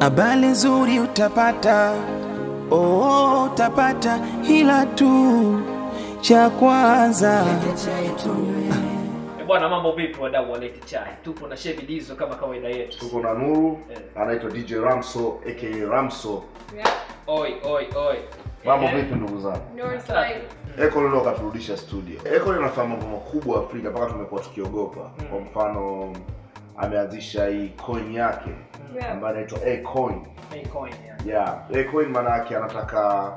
habari nzuri utapata, oh, utapata, hila tu cha kwanza eh, Bwana, mambo vipi wadau wa Leti Chai? Tupo na Shevi Dizo kama kawaida yetu. Tuko na Nuru, yeah. anaitwa DJ Ramso aka Ramso. Yeah. Oi oi oi. Mambo yeah. vipi ndugu zangu? Eko leo katurudisha studio. Eko anafanya mambo makubwa Afrika mpaka tumekuwa tukiogopa. Kwa mm. mfano ameanzisha hii coin yake ambayo inaitwa Acoin. Acoin, yeah. Yeah, Acoin maana yake anataka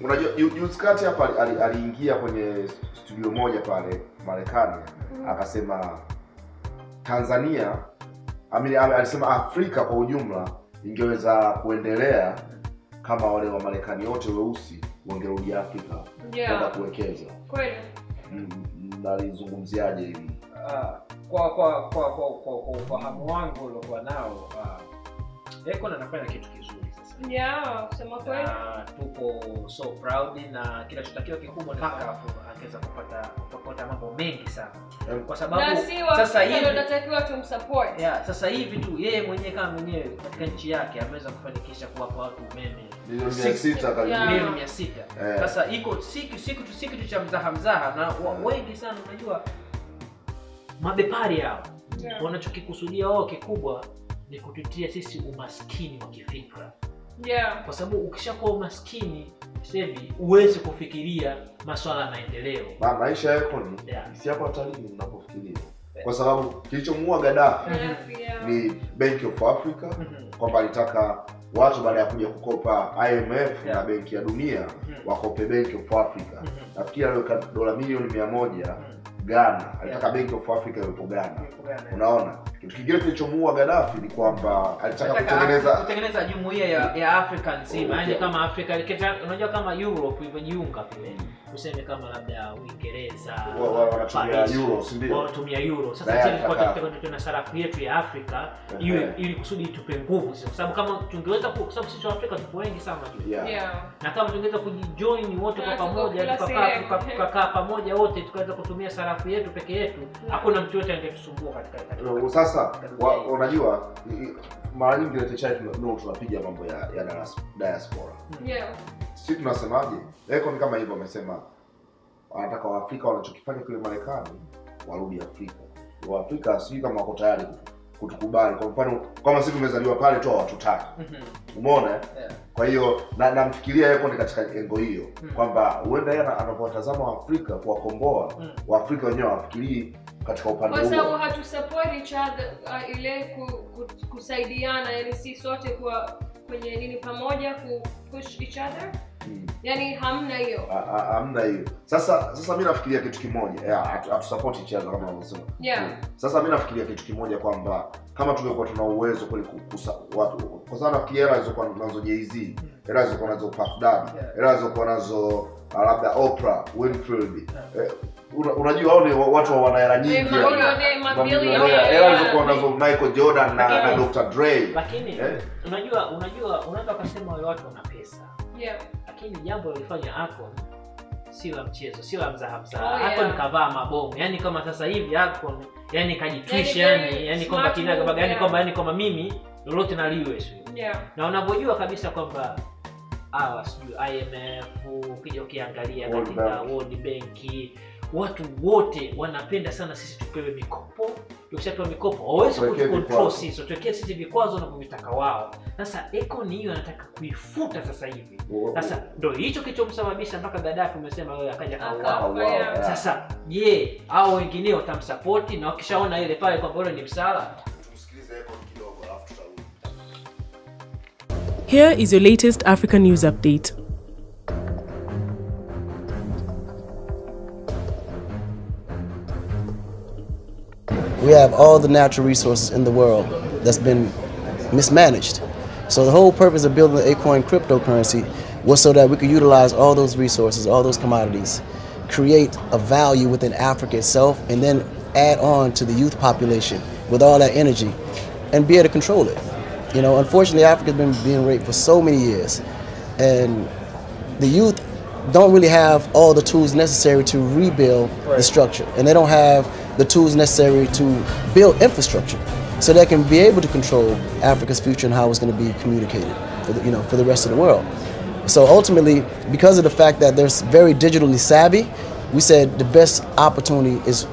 unajua juzi kati hapa aliingia ali, kwenye studio moja pale Marekani mm-hmm. akasema Tanzania amini, alisema Afrika kwa ujumla ingeweza kuendelea kama wale wa Marekani wote weusi wangerudi Afrika kwenda kuwekeza. Kweli. Mm, mm, nalizungumziaje hili Uh, kwa kwa kwa kwa ufahamu wangu uliokuwa nao Akon uh, anafanya kitu kizuri sasa. Yeah, kusema kweli. Tuko so proud na kila kinachotakiwa kikubwa ni mpaka angeza kupata kupata mambo mengi sana. Eh. Kwa sababu sasa hivi tunatakiwa tumsupport. Yeah, sasa hivi tu yeye mwenyewe kama mwenyewe katika nchi yake ameweza kufanikisha kuwapa watu umeme milioni mia sita. Eh. Sasa iko si kitu si cha mzaha mzaha na eh. wengi sana unajua mabepari hawa yeah. wanachokikusudia wao kikubwa ni kututia sisi umaskini wa kifikra yeah. kwa sababu ukishakuwa umaskini semi uwezi kufikiria maswala ya maendeleo Ma, maisha yako ni yeah. siapatalini unapofikiria kwa sababu kilichomuua Gaddafi ni Bank of Africa mm-hmm. kwamba alitaka watu baada ya kuja kukopa IMF yeah. na benki ya dunia mm-hmm. wakope Bank of Africa mm-hmm. nafikiri dola milioni mia moja mm-hmm Ghana alitaka yeah. Bank of Africa iwepo Ghana, unaona. Kitu kingine kilichomuua Gaddafi ni kwamba alitaka kutengeneza kutengeneza jumuiya ya, ya Afrika nzima, yaani kama Afrika unajua kama Europe ilivyojiunga vile mm. kama labda Uingereza wanatumia euro, si ndio? Wanatumia euro. Sasa sisi kwa sarafu yetu ya Afrika iwe ili kusudi itupe nguvu sisi, kwa sababu kama tungeweza, kwa sababu sisi wa Afrika tupo wengi sana yeah. na kama tungeweza kujijoin wote kwa pamoja tukakaa tukakaa pamoja wote tukaweza kutumia sarafu sarafu yetu peke yetu, hakuna mtu yote angetusumbua katika katika. Sasa unajua mara nyingi no, tunapiga mambo ya, ya diaspora hmm. yeah. Sisi tunasemaje? ni kama hivyo amesema wanataka Waafrika wanachokifanya kule Marekani warudi Afrika. Waafrika sijui kama wako tayari kutukubali. Kwa mfano kama sisi tumezaliwa pale tu hawatutaki, mhm. umeona eh? Kwa hiyo namfikiria yeye ni katika engo hiyo mm. kwamba huenda yeye anapowatazama Waafrika kuwakomboa mm. Waafrika wenyewe hawafikirii katika upande huo, kwa sababu hatusupport each other uh, ile ku, ku, kusaidiana, yani si sote kwa kwenye nini pamoja ku push each other Mm. yani hamna hiyo sasa sasa mi nafikiria kitu kimoja hatusapoti yeah, chaza kama unavyosema yeah. Mm. sasa mi nafikiria kitu kimoja kwamba kama tungekuwa tuna uwezo kweli kukusa watu kwa sababu nafikiria hela alizokuwa nazo jz hela alizokuwa nazo Puff Daddy hela alizokuwa nazo ah, labda Oprah Winfrey yeah. Eh, una, unajua hao ni watu wana hela nyingi hela alizokuwa nazo michael jordan na, na dr dre lakini eh? unajua unajua unaweza ukasema watu wana pesa yeah. Lakini jambo lilifanya Akon si la mchezo, si la mzaha Oh, yeah. kavaa mabomu, yani kama sasa hivi Akon yani kajitwisha, yani yaani yani kwamba yani, yeah. yani kwamba yani kwamba mimi lolote naliwe Yeah. Na unavyojua kabisa kwamba hawa ah, sijui IMF ukija ukiangalia katika World Bank watu wote wanapenda sana sisi tupewe mikopo ukishatoa mikopo waweze kucontrol sisi, watuwekee sisi vikwazo wanavyovitaka wao. Sasa Econ hiyo anataka kuifuta sasa hivi. Sasa ndo hicho kilichomsababisha mpaka Gaddafi umesema wewe akaja Sasa je, au wengineo watamsapoti na wakishaona ile pale kwamba ule ni msala? Here is your latest African news update. We have all the natural resources in the world that's been mismanaged. So the whole purpose of building the Acorn cryptocurrency was so that we could utilize all those resources, all those commodities, create a value within Africa itself, and then add on to the youth population with all that energy and be able to control it. You know, unfortunately, Africa's been being raped for so many years, and the youth don't really have all the tools necessary to rebuild right. the structure, and they don't have the tools necessary to build infrastructure so they can be able to control Africa's future and how it's going to be communicated for the, you know, for the rest of the world. So ultimately, because of the fact that they're very digitally savvy, we said the best opportunity is,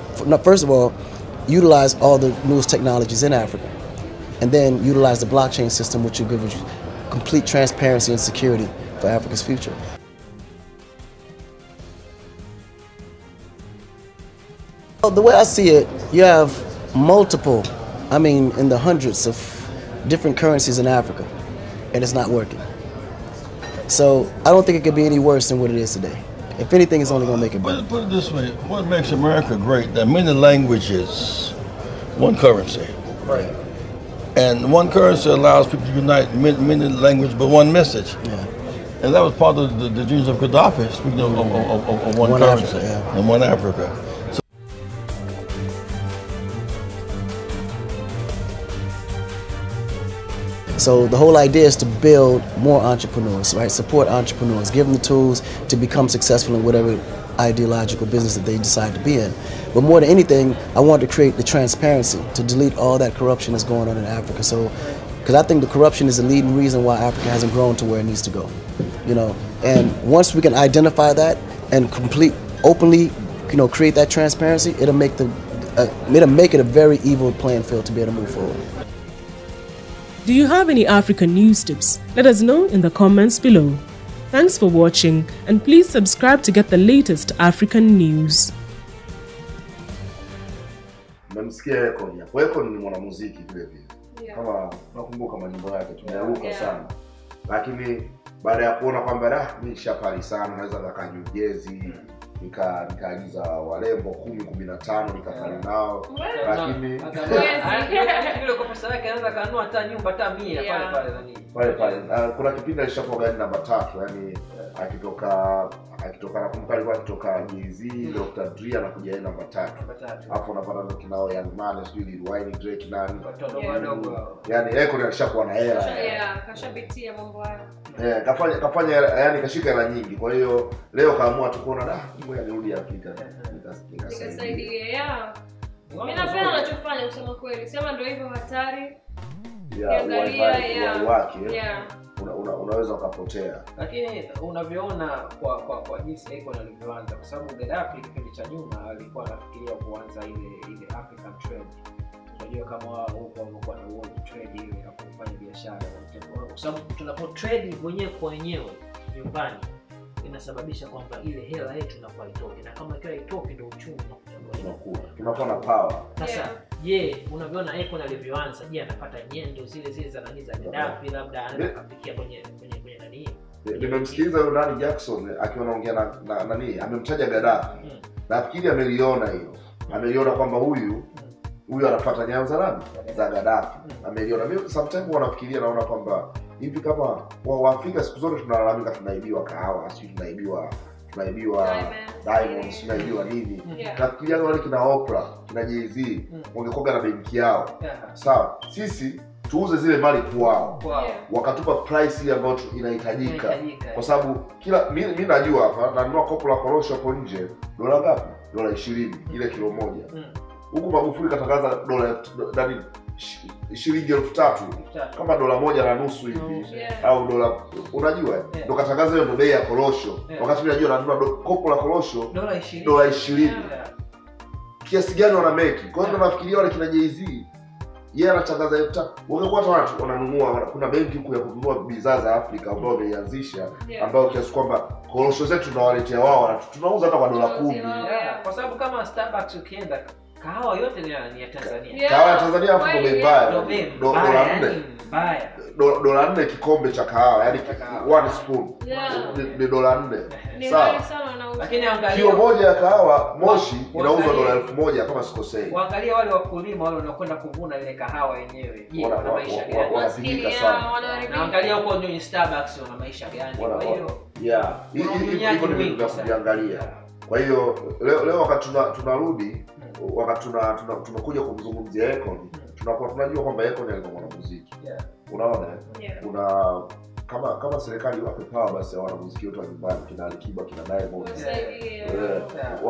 first of all, utilize all the newest technologies in Africa, and then utilize the blockchain system, which will give you complete transparency and security for Africa's future. Well, the way I see it, you have multiple, I mean, in the hundreds of different currencies in Africa, and it's not working. So I don't think it could be any worse than what it is today. If anything, it's only going to make it better. Put it this way: What makes America great? That many languages, one currency. Right. And one currency allows people to unite many, many languages, but one message. Yeah. And that was part of the, the dreams of Gaddafi, speaking of, of, of, of one, one, currency Africa, yeah. and one Africa. So the whole idea is to build more entrepreneurs, right? Support entrepreneurs, give them the tools to become successful in whatever ideological business that they decide to be in. But more than anything, I want to create the transparency to delete all that corruption that's going on in Africa. So, because I think the corruption is the leading reason why Africa hasn't grown to where it needs to go, you know. And once we can identify that and complete openly, you know, create that transparency, it'll make the uh, it'll make it a very evil playing field to be able to move forward. Do you have any African news tips? Let us know in the comments below. Thanks for watching and please subscribe to get the latest African news. Mmemsikia Akon hapo. Akon ni mwanamuziki vile vile. Kama nakumbuka maneno yake tumeruka yeah. sana. Lakini baada ya kuona kwamba da ah, mimi nishapali sana naweza nikakaa New Jersey. Mm nika nikaagiza warembo kumi kumi na tano nikafanya nao lakini pale pale kuna kipindi alishakuwa gari namba tatu yani akitoka akitoka nakumbuka alikuwa akitoka jz dr dr anakuja yeye namba tatu hapo unapata ndo kinao young man sijui lilwine drake nani yani ekoni alishakuwa na hera kashapitia mambo hayo Yeah, kafanya kafanya yani kashika hela nyingi kwa hiyo leo kaamua tu kuona da ah, ngoja alirudi Afrika nikasaidia yeah. Mimi napenda anachofanya kusema kweli sema ndio hivyo hatari ya, ya, yeah, wake yeah una, una, unaweza ukapotea, lakini unavyoona kwa kwa kwa jinsi Akon alivyoanza, kwa sababu Gaddafi kipindi cha nyuma alikuwa anafikiria kuanza ile ile African trade. Unajua kama huko unakuwa na world trade ile ya kufanya biashara, kwa sababu tunapo trade wenyewe kwa wenyewe nyumbani inasababisha kwamba ile hela yetu inakuwa itoki, na kama ikiwa itoki ndio uchumi unakuja tunakuwa tunakuwa na power sasa je yeah. yeah, unavyoona Akon alivyoanza je anapata nyendo zile zile za nani za Gaddafi labda anapikia kwenye kwenye kwenye nani nimemsikiliza huyo Nani Jackson eh, akiwa anaongea na, na nani amemtaja Gaddafi mm. nafikiri ameliona hilo hmm. ameliona kwamba huyu hmm. huyu anapata nyayo za nani hmm. za Gaddafi ameliona mimi sometimes wanafikiria naona kwamba hivi kama wa Afrika siku zote tunalalamika tunaibiwa kahawa sijui tunaibiwa tunaibiwa Diamonds, tunaibiwa nini. Nafikiri yani wale kina Oprah, kina Jay-Z mm. na benki yao Sawa, sisi tuuze zile mali kwao wakatupa price ile ambayo inahitajika, kwa sababu kila mi najua hapa nanunua kopo la korosho hapo nje dola ngapi? Dola ishirini mm. ile kilo moja mm. huku Magufuli katangaza dola shilingi elfu tatu kama dola moja na nusu hivi yeah. au dola unajua yeah. ndo katangaza hiyo ndo bei ya korosho yeah. wakati najua nanunua kopo la korosho dola ishirini kiasi gani wanameki kwa hiyo yeah. nafikiria wale kina jz yeye anatangaza elfu tatu wangekuwa hata watu wananunua kuna benki huku ya kununua bidhaa za afrika ambayo wameianzisha yeah. ambayo kiasi kwamba korosho zetu tunawaletea wao tunauza hata kwa dola kumi yeah. kwa sababu kama Starbucks ukienda kahawa yote ni ya Tanzania. Yeah. Kahawa ya Tanzania ndo bei mbaya. Dola nne. Mbaya. Dola nne kikombe cha kahawa, yani one spoon. Ni dola nne. Sawa. Lakini angalia kilo moja ya kahawa Moshi inauzwa dola 1000 kama sikosei. Waangalia wale wakulima wale wanakwenda kuvuna ile kahawa yenyewe. Je, wana maisha gani? sana. Naangalia huko kwenye Starbucks wana maisha gani? Kwa hiyo yeah, hivyo ni vitu vya kuviangalia. Kwa hiyo leo leo wakati tunarudi mm. wakati tuna tunakuja kumzungumzia Akon mm. tunakuwa tunajua kwamba Akon alikuwa mwanamuziki, unaona kuna kama kama serikali wape pawa basi muziki wote wa nyumbani kina Alikiba kina Diamond eh,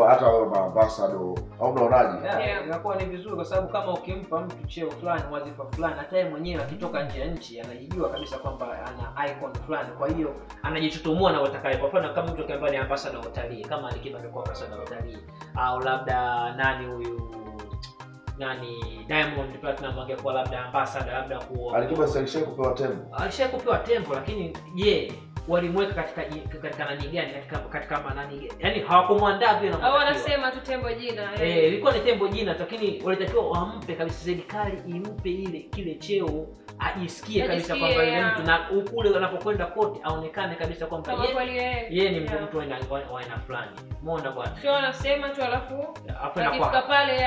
hata wao maambasado au mnaonaje? Inakuwa ni vizuri kwa sababu kama ukimpa mtu cheo fulani wadhifa fulani, hata yeye mwenyewe akitoka nje ya nchi anajijua kabisa kwamba ana icon fulani, kwa hiyo anajitutumua na watakaye. Kwa mfano kama mtu akiambaye ni ambasado wa utalii, kama Alikiba amekuwa ambasado wa utalii, au labda nani huyu nani Diamond Platinum angekuwa labda ambassador labda kuwa alikuwa sanction kupewa tempo, alishawahi kupewa tempo, lakini je, yeah, walimweka katika katika nani gani katika katika manani yani hawakumwandaa vile na au wanasema tu tembo jina eh, hey, eh. ilikuwa ni tembo jina, lakini walitakiwa wampe kabisa serikali impe ile kile cheo ajisikie kabisa kwamba yule mtu na ukule anapokwenda kote aonekane kabisa kwamba yeye ni mtu mtu aina aina fulani. muona bwana? Sio anasema tu alafu akifika pale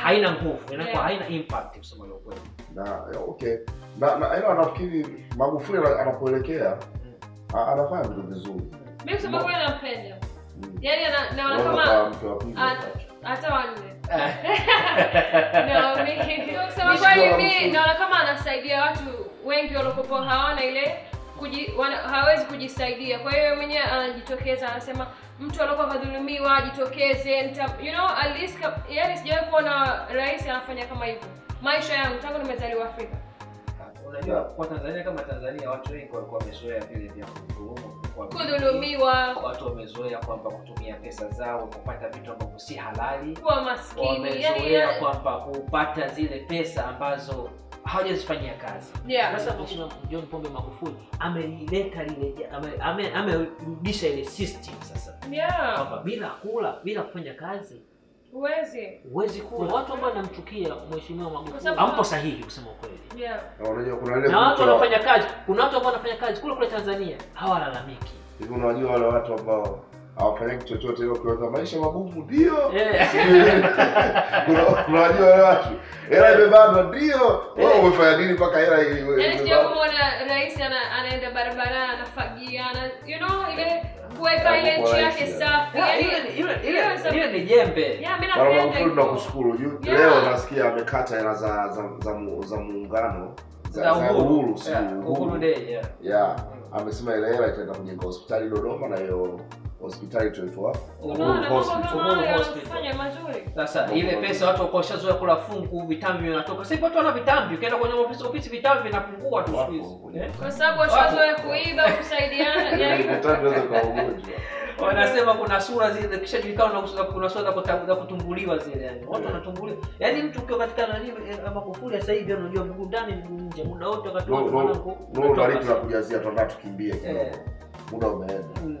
haina nguvu, inakuwa haina impact kusema leo kweli. Na okay. Na na ila nafikiri Magufuli anapoelekea mm. anafanya vitu vizuri. Mimi sababu nampenda. Mm. Yaani na kama hata wanne naona kama anasaidia watu wengi waliokopo hawana ile kuji, wana, hawezi kujisaidia. Kwa hiyo mwenyewe anajitokeza anasema, mtu aliokuwa kadhulumiwa ajitokeze, nita you know at least yani, sijawahi kuona rais anafanya kama hivyo maisha yangu tangu nimezaliwa Afrika. Unajua, kwa Tanzania kama Tanzania, watu wengi walikuwa wamezoea vile vya mfumo kudhulumiwa. Watu wamezoea kwamba kutumia pesa zao kupata vitu ambavyo si halali, kuwa maskini, wamezoea kwamba kupata zile pesa ambazo hawajazifanyia kazi. Sasa Mheshimiwa John Pombe Magufuli amelileta lile, amerudisha ile system sasa, kwamba bila kula, bila kufanya kazi Uwezi. Uwezi kuwa watu ambao wanamchukia mheshimiwa Magufuli. ampo sahihi kusema ukweli. Yeah. Unajua kuna wale na watu wanafanya kazi, kuna watu ambao wanafanya kazi kule kule Tanzania hawalalamiki. Hivi unajua wale watu ambao hawafanyaki chochote ila kuanza maisha magumu ndio. Eh. Unajua wale watu hela imebana ndio. Wewe eh. umefanya nini mpaka hela iwe? Yaani sio kama rais anaenda barabarani anafagia ana you know ile kuweka ile njia ya kisafi. Ile ni jembe. leo, nasikia amekata hela za za za muungano za uhuru, si uhuru day, yeah amesema ile hela itaenda kujenga hospitali Dodoma na hiyo hospitali tulikuwa sasa, ile pesa watu wako washazoea kula fungu, vitambi vinatoka sasa hivi, watu wana vitambi, ukienda kwenye ofisi ofisi vitambi vinapungua tu siku hizi, eh? kwa sababu washazoea kuiba, kusaidiana, yaani. Yaani, wanasema kuna sura zile kishajulikana, na kuna sura za kutumbuliwa zile, yani watu wanatumbuliwa, yani mtu ukiwa katika nani eh, Magufuli sasa hivi, unajua mguu ndani mguu nje, muda wote wakati wote tunakujazia, tunakimbia kidogo, eh. muda umeenda mm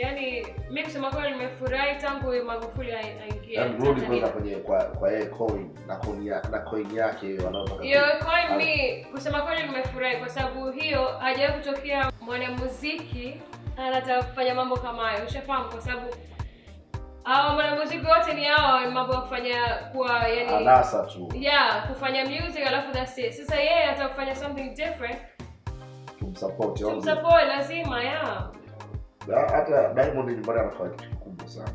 yani mimi kusema kweli nimefurahi tangu Magufuli aingie. Yaani, kwenye kwa kwa yeye coin na coin ya na coin yake wanaotaka. Hiyo coin mi kusema kweli nimefurahi kwa sababu hiyo hajawahi kutokea mwanamuziki anataka kufanya mambo kama hayo. Ushafahamu kwa sababu hao mwanamuziki wote ni hao mambo ya kufanya kuwa yani anasa tu. Yeah, kufanya music alafu that's it. Sasa yeye yeah, atakufanya something different. Tumsupport. Tumsupport lazima yeah hata Diamond nyumbani anafanya kitu kikubwa sana,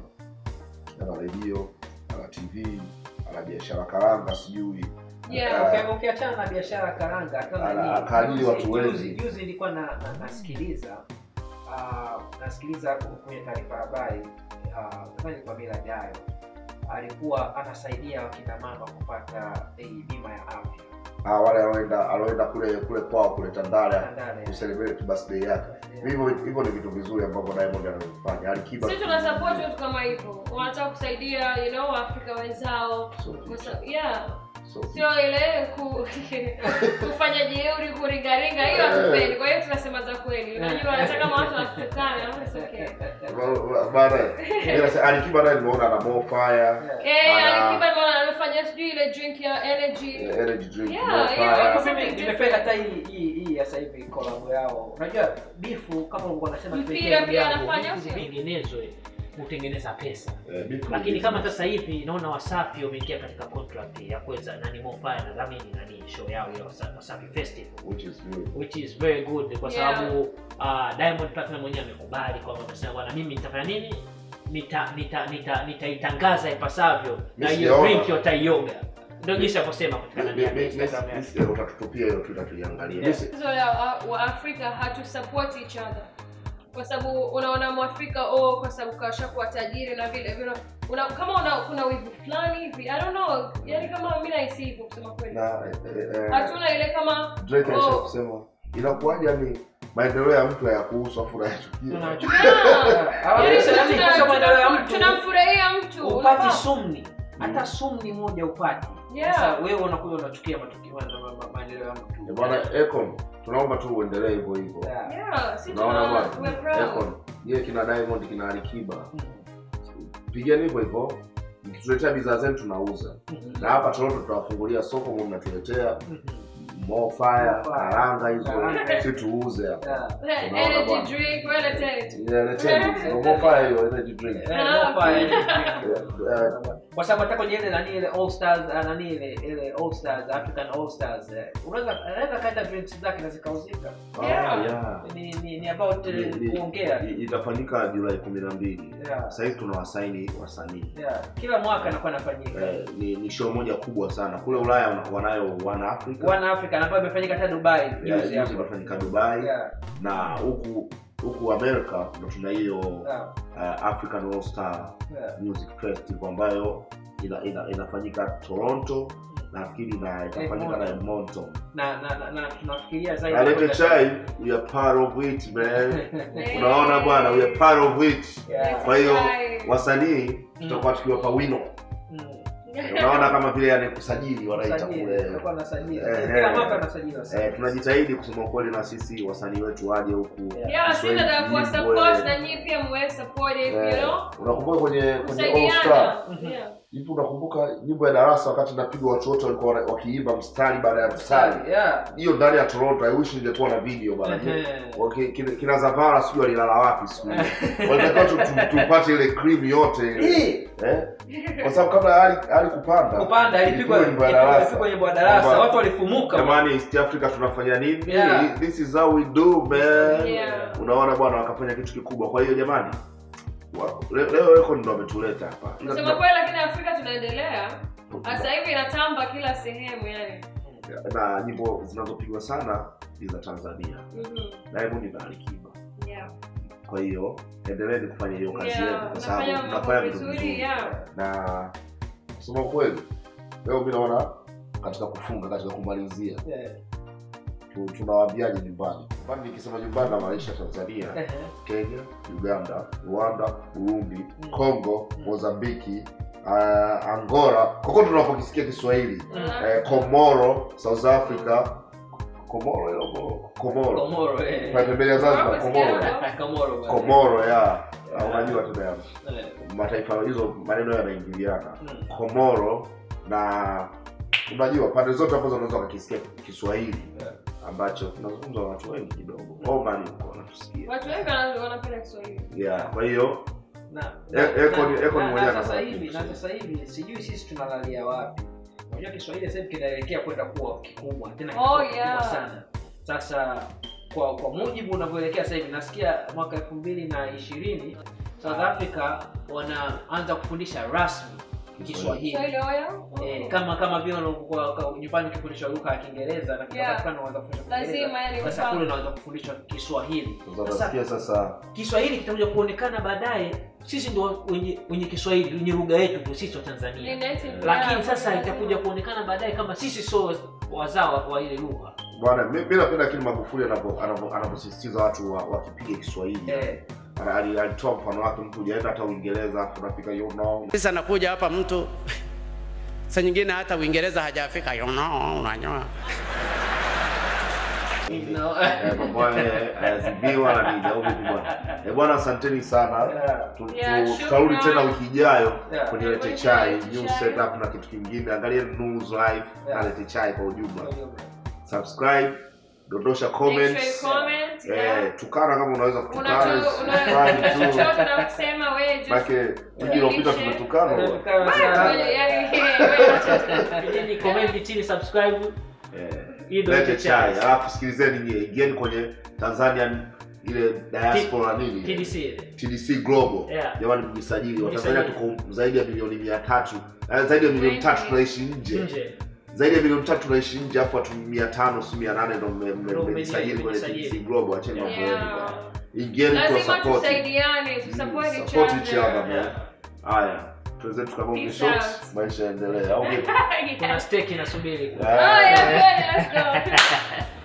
ana redio, ana TV, ana biashara karanga, sijui Yeah, ukiachana na biashara karanga kama ni watu wengi. Juzi nilikuwa na, na nasikiliza uh, nasikiliza kwenye taarifa habari ah, nadhani kwa bila jayo alikuwa anasaidia wakina mama kupata eh, bima ya afya ah, wale aloenda aloenda kule kule kwao kule Tandale kucelebrate birthday yake. Hivyo hivyo ni vitu vizuri ambavyo Diamond anafanya. Alikiba sisi tuna support watu kama hivyo, wanataka kusaidia you know Afrika wenzao so, yeah sio ile ku, kufanya jeuri kuringaringa hiyo hatupendi kwa hiyo tunasema za kweli unajua hata kama watu okay. Bana, wanatukana alikiba naye nimeona ana more fire eh, alikiba nimeona let's do ile drink ya energy. energy drink. Yeah, yeah. Kwa mimi nimependa hata hii hii hii sasa hivi collab yao. Unajua bifu kama ungo anasema mpira pia anafanya vinginezo eh, kutengeneza pesa eh, lakini kama sasa hivi naona Wasafi wameingia katika contract ya kuweza nani Mofaya na Dlamini nani show yao ya Wasafi Festival which is good, which is very good kwa sababu uh, Diamond Platinum mwenyewe amekubali kwamba amesema bwana, mimi nitafanya nini nitaitangaza nita, nita, nita ipasavyo na hiyo drink utaioga ndio jinsi kwa sababu unaona mwafrika oh, kwa sababu kashakuwa tajiri na vile vile una, kama una, kuna wivu fulani hivi i don't know yani kama mi nahisi hivyo kusema kweli eh, eh, eh, hatuna ile kama Drake oh, inakuwaje yani maendeleo ya mtu hayakuhusu furaha afu ah, yaani yaani tunamfurahia mtu upati sumni hata mm. sumni moja upati Sasa wewe unakuja unachukia matukio maendeleo ya mtu eh, bwana econ tunaomba tu uendelee hivyo hivyo unaona bwana econ yeye kina diamond kina alikiba mm. pigeni hivyo hivyo mkituletea bidhaa zenu tunauza mm-hmm. na hapa toronto tutawafungulia soko mnatuletea mm-hmm. More bonfire karanga hizo si tuuze hapo energy drink wale tena ile ile tena bonfire hiyo energy drink kwa sababu hata kwenye ile nani ile all stars ah, nani ile ile all stars african all stars eh, unaweza anaweza kaenda drinks zake na zikauzika ah, ni ni ni about eh, kuongea itafanyika julai 12 na mbili sahivi tuna wasaini wasanii kila mwaka anakuwa anafanyika eh, ni, ni show moja kubwa sana kule ulaya wanayo wana africa wana africa na ambayo imefanyika hata dubai juzi hapo imefanyika dubai na huku huku Amerika ndo tuna hiyo uh, African All Star yeah. Music Festival ambayo inafanyika ina, Toronto lakini mm. na itafanyika na Edmonton. nalete chai, we of it man. Unaona bwana, we of it. Kwa hiyo wasanii mm. tutakuwa tukiwa pawino unaona kama vile anakusajili wanaita kule, eh, tunajitahidi kusema ukweli, na sisi wasanii wetu waje huku. Eh, unakumbuka kwenye kwenye All Star hivi unakumbuka nyimbo ya darasa wakati napigwa watu wote walikuwa wakiimba mstari baada ya mstari hiyo yeah. ndani ya toronto aiwishi ningekuwa na video bana okay, kina, zavara sijui walilala wapi siku walitakiwa tupate ile cream yote eh? kwa sababu kabla hali kupanda kupanda ilipigwa nyimbo ya darasa watu walifumuka jamani east africa tunafanya nini yeah. this is how we do man yeah. unaona bwana wakafanya kitu kikubwa kwa hiyo jamani leo weko ndo wametuleta hapa. sema kweli, lakini Afrika tunaendelea sasa hivi, inatamba kila sehemu yani na nyimbo zinazopigwa sana ni za Tanzania. mm -hmm. Diamond na Alikiba. Yeah. Kwa hiyo endeleeni kufanya hiyo kazi yenu, kwa sababu mnafanya vitu vizuri na kusema kweli, leo mi naona katika kufunga, katika kumalizia yeah tunawaambiaje nyumbani nyumbani nikisema nyumbani namaanisha tanzania kenya uganda rwanda burundi mm. congo mm. mozambiki uh, angola kokote tunapokisikia kiswahili uh, komoro south africa komoro yobo eh, komoro komoro eh zanzibar komoro komoro eh. komoro ya unajua tu ya mataifa hizo maneno yanaingiliana komoro na unajua pande zote ambazo unaweza ukakisikia kiswahili yeah ambacho tunazungumza na watu wengi kidogo. Oman huko wanatusikia watu wengi wanapenda Kiswahili yeah. Kwa hiyo sasa hivi sijui sisi tunalalia wapi. Unajua Kiswahili sasa hivi kinaelekea kwenda kuwa kikubwa tena kikubwa, oh, yeah. sana sasa kwa kwa mujibu unavyoelekea sasa hivi, nasikia mwaka 2020 na South Africa wanaanza kufundisha rasmi Kiswahili eh, kama kama vile unakuwa nyumbani ukifundishwa lugha ya Kiingereza na yeah. katika unaweza kufundishwa Kiingereza, sasa kule unaweza kufundishwa Kiswahili. Sasa sasa Kiswahili kitakuja kuonekana baadaye. Sisi ndio wenye, wenye Kiswahili wenye lugha yetu ndio sisi wa Tanzania, lakini sasa itakuja kuonekana baadaye kama sisi so wazao wa ile lugha. Bwana, mimi napenda kile Magufuli anavyosisitiza watu wa, wa Kiswahili eh alitoa mfano wake, mtu hujaenda hata Uingereza unafika you know. Sasa nakuja hapa mtu sa nyingine hata Uingereza hajafika you know, unanyoa zibiwa na nini bwana, asanteni sana. Tutarudi tena wiki ijayo kwenye Lete Chai new setup na kitu kingine. Angalia Nuruz Life na Lete Chai kwa ujumla, subscribe dondosha comments, comment, eh, tukana kama unaweza kutukana make wiki iliopita tumetukana lete chai alafu sikilizeni nyie ingieni kwenye tanzanian ile diaspora nini TDC, TDC Global yeah. Jamani, mjisajili. Watanzania tuko zaidi ya milioni mia tatu eh, zaidi ya milioni tatu tunaishi nje zaidi ya milioni tatu na ishirini japo watu mia tano si mia nane ndo mmesajili kwenye TBC Global. Acheni mambo yenu ingieni kwa support, tusaidiane, mm, each other. Haya, tuweze maisha yaendelee, au vipi? Kuna inasubiri. Oh, let's go.